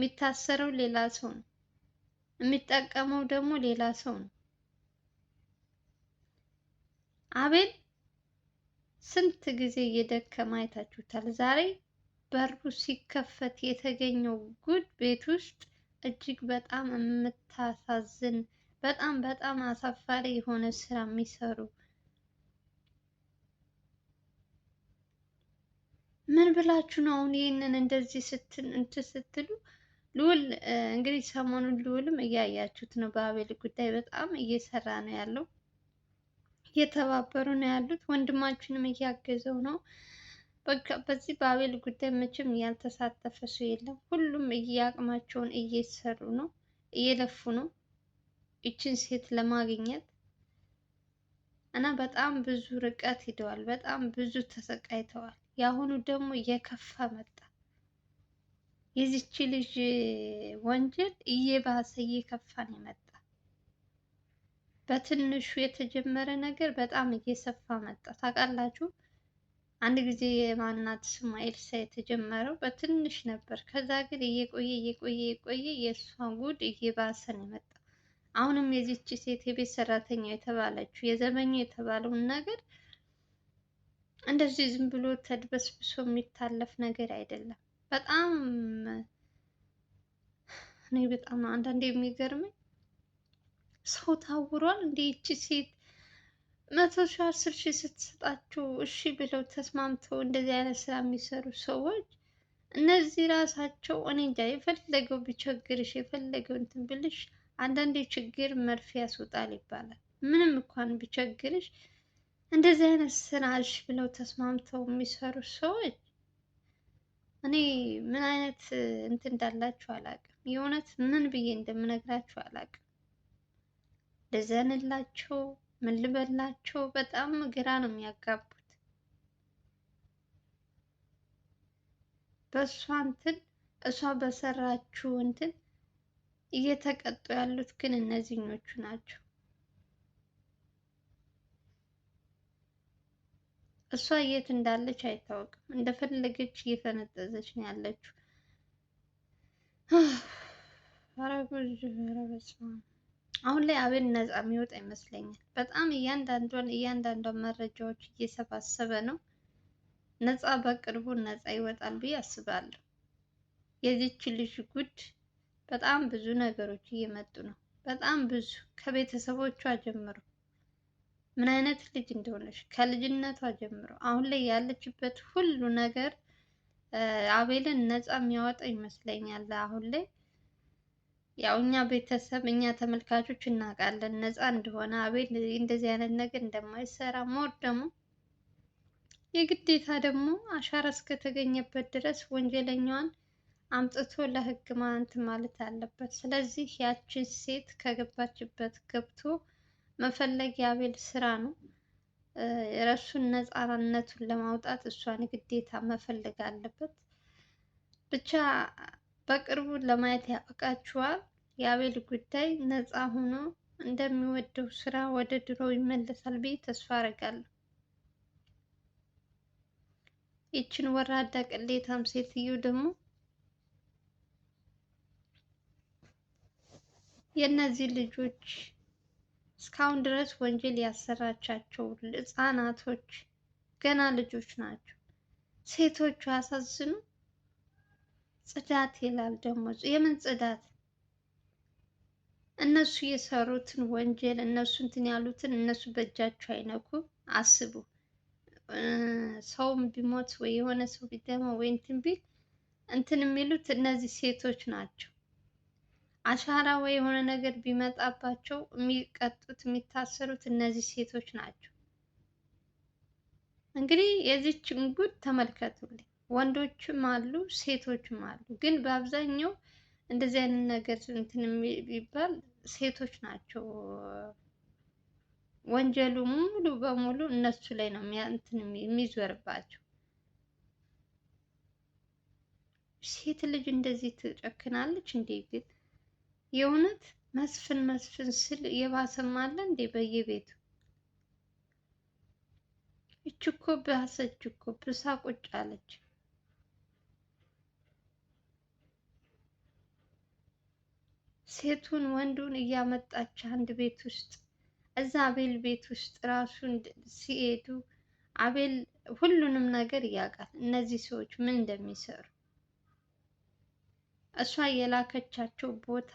የሚታሰረው ሌላ ሰው ነው። የሚጠቀመው ደግሞ ሌላ ሰው ነው። አቤል ስንት ጊዜ እየደከመ አይታችሁታል። ዛሬ በሩ ሲከፈት የተገኘው ጉድ ቤት ውስጥ እጅግ በጣም የምታሳዝን በጣም በጣም አሳፋሪ የሆነ ስራ የሚሰሩ ምን ብላችሁ ነው አሁን ይህንን እንደዚህ እንትን ስትሉ ልዑል እንግዲህ ሰሞኑን ልዑልም እያያችሁት ነው። በአቤል ጉዳይ በጣም እየሰራ ነው ያለው፣ እየተባበሩ ነው ያሉት። ወንድማችንም እያገዘው ነው። በቃ በዚህ በአቤል ጉዳይ መቼም ያልተሳተፈ ሰው የለም። ሁሉም እያቅማቸውን እየሰሩ ነው፣ እየለፉ ነው ይችን ሴት ለማግኘት እና በጣም ብዙ ርቀት ሂደዋል። በጣም ብዙ ተሰቃይተዋል። የአሁኑ ደግሞ እየከፋ መጣ። የዚች ልጅ ወንጀል እየባሰ እየከፋ ነው የመጣ። በትንሹ የተጀመረ ነገር በጣም እየሰፋ መጣ። ታውቃላችሁ አንድ ጊዜ የማናት ስሟ ኤልሳ የተጀመረው በትንሽ ነበር። ከዛ ግን እየቆየ እየቆየ እየቆየ የእሷ ጉድ እየባሰ ነው የመጣ። አሁንም የዚች ሴት የቤት ሰራተኛ የተባለችው የዘመኙ የተባለውን ነገር እንደዚህ ዝም ብሎ ተድበስብሶ የሚታለፍ ነገር አይደለም። በጣም እኔ በጣም ነው አንዳንዴ የሚገርመኝ ሰው ታውሯል እንዴ ይቺ ሴት መቶ ሺህ አስር ሺህ ስትሰጣቸው እሺ ብለው ተስማምተው እንደዚህ አይነት ስራ የሚሰሩ ሰዎች እነዚህ ራሳቸው እኔ እንጃ የፈለገው ቢቸግርሽ የፈለገው እንትን ብልሽ አንዳንዴ ችግር መርፌ ያስወጣል ይባላል። ምንም እንኳን ቢቸግርሽ እንደዚህ አይነት ስራ እሺ ብለው ተስማምተው የሚሰሩ ሰዎች እኔ ምን አይነት እንትን እንዳላችሁ አላውቅም። የእውነት ምን ብዬ እንደምነግራችሁ አላውቅም። ልዘንላቸው፣ ምን ልበላቸው፣ በጣም ግራ ነው የሚያጋቡት። በእሷ እንትን እሷ በሰራችሁ እንትን እየተቀጡ ያሉት ግን እነዚህኞቹ ናቸው። እሷ የት እንዳለች አይታወቅም። እንደፈለገች እየፈነጠዘች ነው ያለችው። ኧረ ጉድ! ኧረ በስመ አብ! አሁን ላይ አብን ነፃ የሚወጣ ይመስለኛል። በጣም እያንዳንዷን እያንዳንዷን መረጃዎች እየሰባሰበ ነው። ነፃ በቅርቡ ነፃ ይወጣል ብዬ አስባለሁ። የዚች ልጅ ጉድ በጣም ብዙ ነገሮች እየመጡ ነው። በጣም ብዙ ከቤተሰቦቿ ጀምሮ ምን አይነት ልጅ እንደሆነች ከልጅነቷ ጀምሮ አሁን ላይ ያለችበት ሁሉ ነገር አቤልን ነፃ የሚያወጣ ይመስለኛል። አሁን ላይ ያው እኛ ቤተሰብ እኛ ተመልካቾች እናውቃለን ነፃ እንደሆነ አቤል እንደዚህ አይነት ነገር እንደማይሰራ ሞር ደግሞ የግዴታ ደግሞ አሻራ እስከተገኘበት ድረስ ወንጀለኛዋን አምጥቶ ለህግ ማንት ማለት አለበት። ስለዚህ ያችን ሴት ከገባችበት ገብቶ መፈለግ የአቤል ስራ ነው። እሱን ነፃነቱን ለማውጣት እሷን ግዴታ መፈለግ አለበት። ብቻ በቅርቡ ለማየት ያበቃችኋል። የአቤል ጉዳይ ነፃ ሆኖ እንደሚወደው ስራ ወደ ድሮ ይመለሳል ብዬ ተስፋ አደርጋለሁ። ይችን ወራዳ ቅሌታም ሴትዮ ደግሞ የእነዚህ ልጆች እስካሁን ድረስ ወንጀል ያሰራቻቸው ህጻናቶች ገና ልጆች ናቸው። ሴቶቹ አሳዝኑ። ጽዳት ይላል ደግሞ የምን ጽዳት? እነሱ የሰሩትን ወንጀል እነሱ እንትን ያሉትን እነሱ በእጃቸው አይነኩ። አስቡ። ሰውም ቢሞት ወይ የሆነ ሰው ቢደማ ወይ እንትን ቢል እንትን የሚሉት እነዚህ ሴቶች ናቸው። አሻራ ወይ የሆነ ነገር ቢመጣባቸው የሚቀጡት የሚታሰሩት እነዚህ ሴቶች ናቸው። እንግዲህ የዚችን ጉድ ተመልከቱ ወንዶችም አሉ ሴቶችም አሉ፣ ግን በአብዛኛው እንደዚህ አይነት ነገር እንትን የሚባል ሴቶች ናቸው። ወንጀሉ ሙሉ በሙሉ እነሱ ላይ ነው እንትን የሚዞርባቸው። ሴት ልጅ እንደዚህ ትጨክናለች እንዴ ግን የእውነት መስፍን መስፍን ስል እየባሰ አለ እንዴ? በየቤቱ እች እኮ ባሰች እኮ ብሳ ቁጭ አለች። ሴቱን ወንዱን እያመጣች አንድ ቤት ውስጥ እዛ አቤል ቤት ውስጥ ራሱን ሲሄዱ አቤል ሁሉንም ነገር ያውቃል። እነዚህ ሰዎች ምን እንደሚሰሩ እሷ የላከቻቸው ቦታ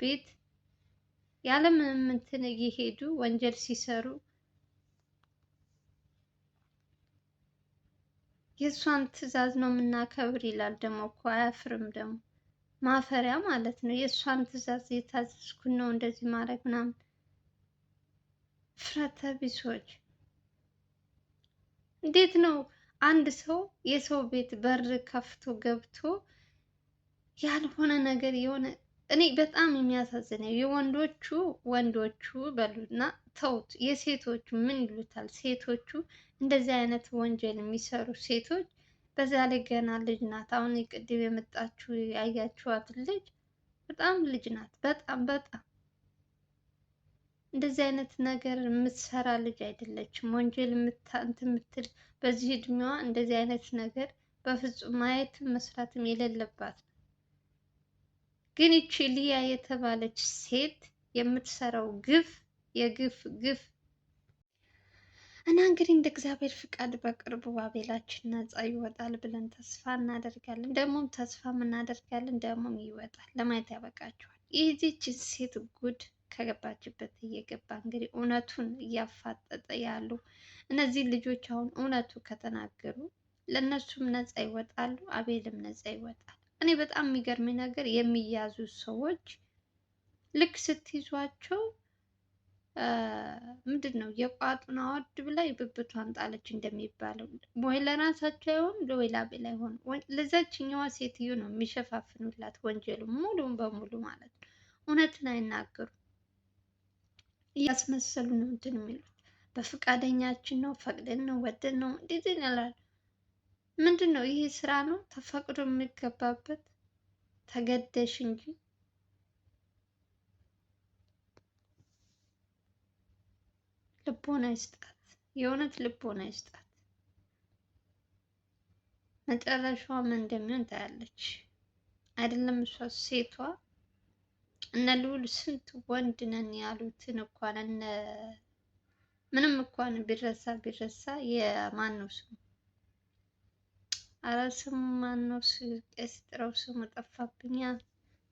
ቤት ያለምንም እንትን እየሄዱ ወንጀል ሲሰሩ የእሷን ትዕዛዝ ነው የምናከብር ይላል። ደግሞ እኮ አያፍርም። ደግሞ ማፈሪያ ማለት ነው። የእሷን ትዕዛዝ የታዘዝኩን ነው እንደዚህ ማድረግ ምናምን። ፍረተ ቢሶች እንዴት ነው አንድ ሰው የሰው ቤት በር ከፍቶ ገብቶ ያልሆነ ነገር የሆነ እኔ በጣም የሚያሳዝነው የወንዶቹ ወንዶቹ በሉና ተውት፣ የሴቶቹ ምን ይሉታል? ሴቶቹ እንደዚህ አይነት ወንጀል የሚሰሩ ሴቶች፣ በዛ ላይ ገና ልጅ ናት። አሁን ቅድም የመጣችው ያያችኋት ልጅ በጣም ልጅ ናት። በጣም በጣም እንደዚህ አይነት ነገር የምትሰራ ልጅ አይደለችም። ወንጀል እንትን የምትል በዚህ እድሜዋ እንደዚህ አይነት ነገር በፍጹም ማየትም መስራትም የሌለባት ነው። ግን ይቺ ሊያ የተባለች ሴት የምትሰራው ግፍ የግፍ ግፍ እና እንግዲህ እንደ እግዚአብሔር ፍቃድ በቅርቡ ባቤላችን ነፃ ይወጣል ብለን ተስፋ እናደርጋለን። ደግሞም ተስፋም እናደርጋለን፣ ደግሞም ይወጣል። ለማየት ያበቃቸዋል። ይህች ሴት ጉድ ከገባችበት እየገባ እንግዲህ እውነቱን እያፋጠጠ ያሉ እነዚህ ልጆች አሁን እውነቱ ከተናገሩ ለእነሱም ነፃ ይወጣሉ፣ አቤልም ነፃ ይወጣል። እኔ በጣም የሚገርመኝ ነገር የሚያዙ ሰዎች ልክ ስትይዟቸው ምንድን ነው የቋጡን አወድ ብላ ብብቷን ጣለች እንደሚባለው፣ ወይ ለራሳቸው አይሆን ወይ ላቤላ አይሆን ለዛችኛዋ ሴትዮ ነው የሚሸፋፍኑላት ወንጀሉ ሙሉ በሙሉ ማለት ነው። እውነትን አይናገሩ እያስመሰሉ ነው እንትን የሚሉት። በፈቃደኛችን ነው ፈቅደን ነው ወደን ነው እንዴት ይላሉ። ምንድን ነው ይሄ ስራ ነው ተፈቅዶ የሚገባበት ተገደሽ እንጂ ልቦና ይስጣት። የእውነት ልቦና ይስጣት። መጨረሻዋ ምን እንደሚሆን ታያለች። አይደለም እሷ ሴቷ እነ ልዑል ስንት ወንድ ነን ያሉትን እንኳን እነ ምንም እንኳን ቢረሳ ቢረሳ የማን ነው ስሙ አረ ስሙ ማን ነው? ቄስ ጥረው ስሙ ጠፋብኛ።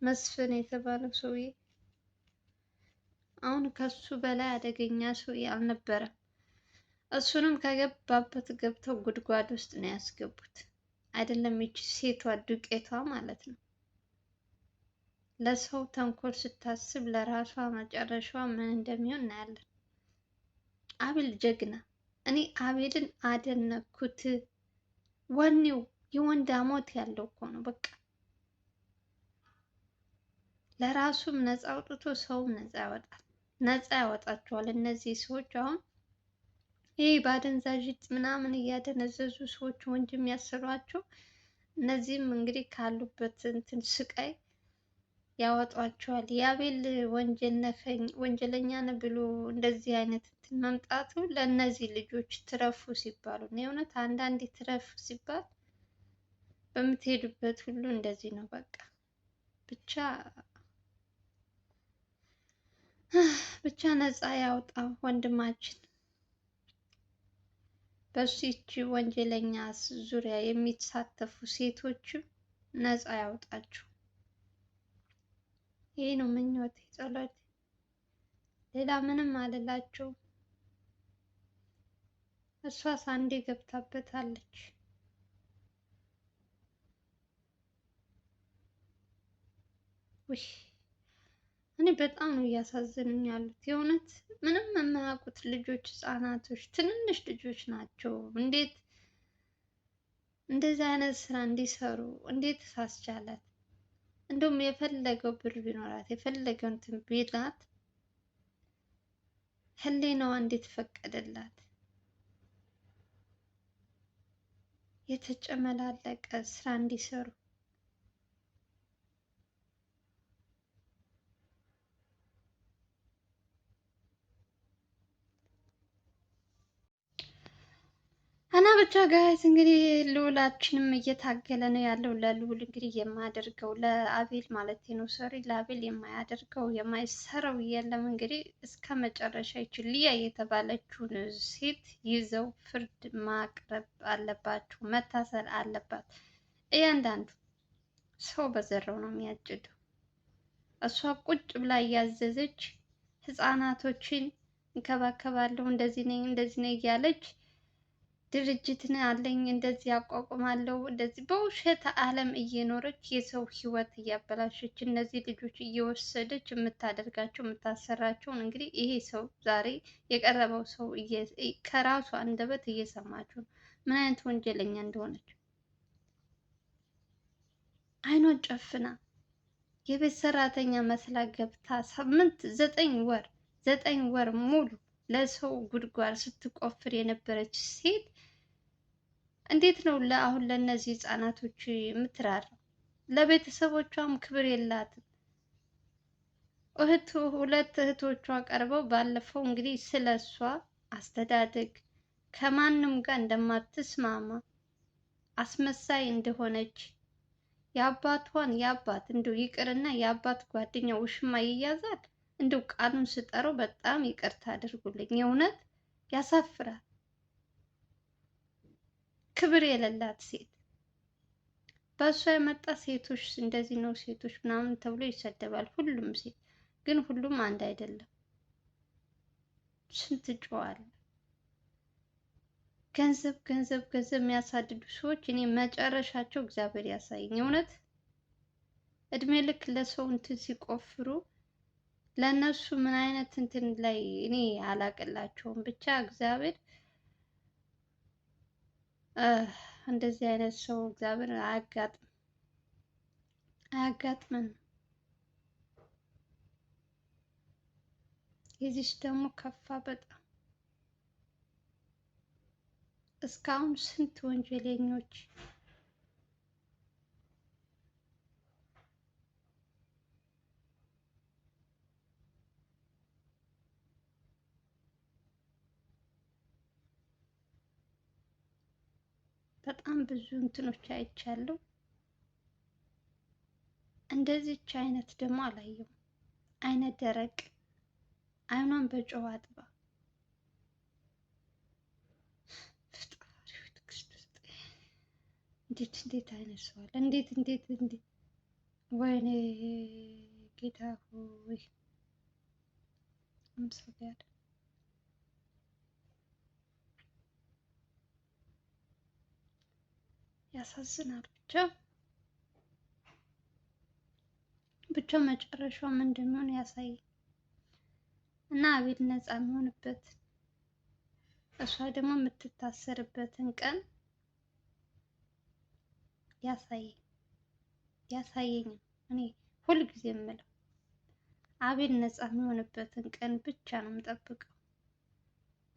መስፍን የተባለው ሰውዬ አሁን ከሱ በላይ አደገኛ ሰውዬ አልነበረም። እሱንም ከገባበት ገብተው ጉድጓድ ውስጥ ነው ያስገቡት። አይደለም ይቺ ሴቷ ዱቄቷ ማለት ነው። ለሰው ተንኮል ስታስብ ለራሷ መጨረሻዋ ምን እንደሚሆን እናያለን። አቤል ጀግና። እኔ አቤልን አደነኩት። ወኔው የወንድ አሞት ያለው እኮ ነው። በቃ ለራሱም ነፃ አውጥቶ ሰውም ነፃ ያወጣል፣ ነፃ ያወጣቸዋል። እነዚህ ሰዎች አሁን ይህ በአደንዛዥ ምናምን እያደነዘዙ ሰዎች ወንጅ የሚያሰሯቸው እነዚህም እንግዲህ ካሉበት እንትን ስቃይ ያወጧቸዋል። የአቤል ወንጀለኛ ነው ብሎ እንደዚህ አይነት መምጣቱ ለእነዚህ ልጆች ትረፉ ሲባሉ ነው። የእውነት አንዳንዴ ትረፉ ሲባል በምትሄዱበት ሁሉ እንደዚህ ነው። በቃ ብቻ ብቻ ነፃ ያውጣ ወንድማችን። ይቺ ወንጀለኛ ዙሪያ የሚሳተፉ ሴቶችም ነፃ ያውጣችሁ። ይሄ ነው ምኞቴ ጸሎቴ። ሌላ ምንም አልላቸውም። እሷስ አንዴ ገብታበታለች። ውይ እኔ በጣም ነው እያሳዘኑኝ ያሉት የእውነት ምንም የማያውቁት ልጆች፣ ህጻናቶች፣ ትንንሽ ልጆች ናቸው። እንዴት እንደዚህ አይነት ስራ እንዲሰሩ እንዴት ሳስቻላት? እንደውም የፈለገው ብር ቢኖራት የፈለገው እንትን ቢላት ህሊናዋ እንዴት ፈቀደላት? የተጨመላለቀ ስራ እንዲሰሩ እና ብቻ ጋይስ እንግዲህ ልዑላችንም እየታገለ ነው ያለው። ለልዑል እንግዲህ የማያደርገው ለአቤል ማለት ነው ሶሪ ለአቤል የማያደርገው የማይሰራው የለም። እንግዲህ እስከ መጨረሻ ይች ሊያ የተባለችውን ሴት ይዘው ፍርድ ማቅረብ አለባቸው። መታሰር አለባት። እያንዳንዱ ሰው በዘራው ነው የሚያጭደው። እሷ ቁጭ ብላ እያዘዘች ህፃናቶችን እንከባከባለሁ እንደዚህ ነኝ እንደዚህ ነኝ እያለች ድርጅትን አለኝ እንደዚህ አቋቁማለሁ እንደዚህ በውሸት ዓለም እየኖረች የሰው ህይወት እያበላሸች እነዚህ ልጆች እየወሰደች የምታደርጋቸው የምታሰራቸውን እንግዲህ ይሄ ሰው ዛሬ የቀረበው ሰው ከራሱ አንደበት እየሰማችሁ ነው ምን አይነት ወንጀለኛ እንደሆነች። አይኗን ጨፍና የቤት ሰራተኛ መስላ ገብታ ስምንት ዘጠኝ ወር ዘጠኝ ወር ሙሉ ለሰው ጉድጓድ ስትቆፍር የነበረች ሴት እንዴት ነው አሁን ለእነዚህ ህፃናቶች የምትራራው? ለቤተሰቦቿም ክብር የላትም። እህቱ ሁለት እህቶቿ ቀርበው ባለፈው እንግዲህ ስለ እሷ አስተዳደግ ከማንም ጋር እንደማትስማማ አስመሳይ እንደሆነች የአባቷን የአባት እንደው ይቅርና የአባት ጓደኛ ውሽማ ይያዛል። እንደው ቃሉን ስጠረው በጣም ይቅርታ አድርጉልኝ። የእውነት ያሳፍራል። ክብር የሌላት ሴት በእሷ የመጣ ሴቶች እንደዚህ ነው ሴቶች ምናምን ተብሎ ይሰደባል። ሁሉም ሴት ግን ሁሉም አንድ አይደለም። ስንት ጨዋል ገንዘብ ገንዘብ ገንዘብ የሚያሳድዱ ሰዎች እኔ መጨረሻቸው እግዚአብሔር ያሳየኝ። እውነት እድሜ ልክ ለሰው እንትን ሲቆፍሩ ለእነሱ ምን አይነት እንትን ላይ እኔ አላቅላቸውም። ብቻ እግዚአብሔር እንደዚህ አይነት ሰው እግዚአብሔር አያጋጥም አያጋጥምን። የዚች ደግሞ ከፋ በጣም እስካሁን ስንት ወንጀለኞች በጣም ብዙ እንትኖች አይቻለሁ። እንደዚች አይነት ደግሞ አላየሁም። አይነ ደረቅ አይኗን በጨዋ አጥባ እንዴት እንዴት አይነት ሰው አለ! እንዴት እንዴት እንዴት! ወይኔ ጌታ ሆይ አምሳያ ያሳዝናል። ብቻ ብቻ መጨረሻው ምን እንደሚሆን ያሳይ እና አቤል ነፃ የሚሆንበት እሷ ደግሞ የምትታሰርበትን ቀን ያሳየኝ ያሳየኝ። እኔ ሁልጊዜ የምለው አቤል ነፃ የሚሆንበትን ቀን ብቻ ነው የምጠብቀው።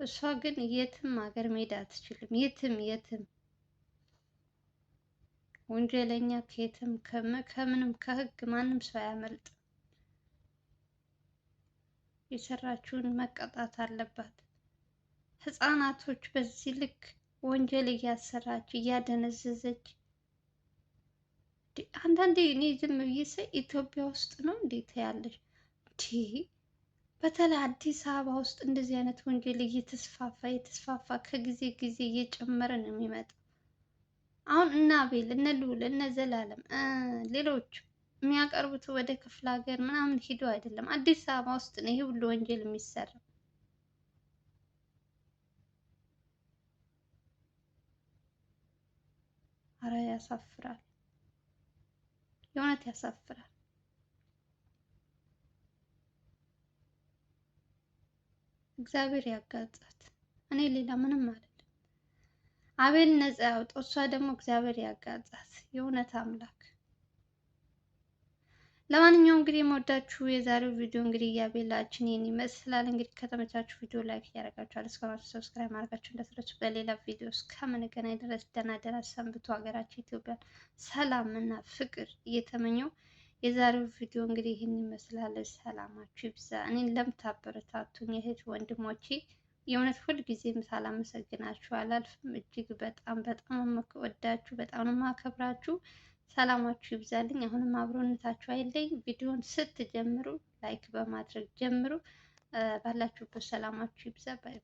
እሷ ግን የትም ሀገር መሄድ አትችልም። የትም የትም ወንጀለኛ ከየትም ከምንም ከህግ ማንም ሰው አያመልጥ። የሰራችውን መቀጣት አለባት። ህፃናቶች በዚህ ልክ ወንጀል እያሰራች እያደነዘዘች አንዳንዴ እኔ ዝም ብዬ ሳይ ኢትዮጵያ ውስጥ ነው እንዴት ያለች በተለይ አዲስ አበባ ውስጥ እንደዚህ አይነት ወንጀል እየተስፋፋ እየተስፋፋ ከጊዜ ጊዜ እየጨመረ ነው የሚመጣው። አሁን እነ አቤል እነ ልዑል እነ ዘላለም ሌሎቹ የሚያቀርቡት ወደ ክፍለ ሀገር ምናምን ሂዶ አይደለም፣ አዲስ አበባ ውስጥ ነው ይሄ ሁሉ ወንጀል የሚሰራው አረ ያሳፍራል፣ የእውነት ያሳፍራል። እግዚአብሔር ያጋጣት እኔ ሌላ ምንም አለ አቤል ነፃ ያውጣው። እሷ ደግሞ እግዚአብሔር ያጋዛት የእውነት አምላክ። ለማንኛውም እንግዲህ የምወዳችሁ የዛሬው ቪዲዮ እንግዲህ እያቤላችን ይህን ይመስላል። እንግዲህ ከተመቻችሁ ቪዲዮ ላይክ እያደረጋችሁ አልስከማችሁ ሰብስክራይብ ማድረጋችሁ እንደሰለች። በሌላ ቪዲዮ እስከምንገናኝ ድረስ ደህና ደህና ሰንብቱ። ሀገራችን ኢትዮጵያን ሰላም እና ፍቅር እየተመኘው የዛሬው ቪዲዮ እንግዲህ ይህን ይመስላል። ሰላማችሁ ይብዛ። እኔን ለምታበረታቱኝ እህት ወንድሞቼ የእውነት ሁል ሁልጊዜም ሳላመሰግናችሁ አላልፍም። እጅግ በጣም በጣም ወዳችሁ በጣም ነው ሰላማችሁ ይብዛልኝ። አሁንም አብሮነታችሁ አይለይ። ቪዲዮን ስትጀምሩ ላይክ በማድረግ ጀምሩ። ባላችሁበት ሰላማችሁ ይብዛ። ባይ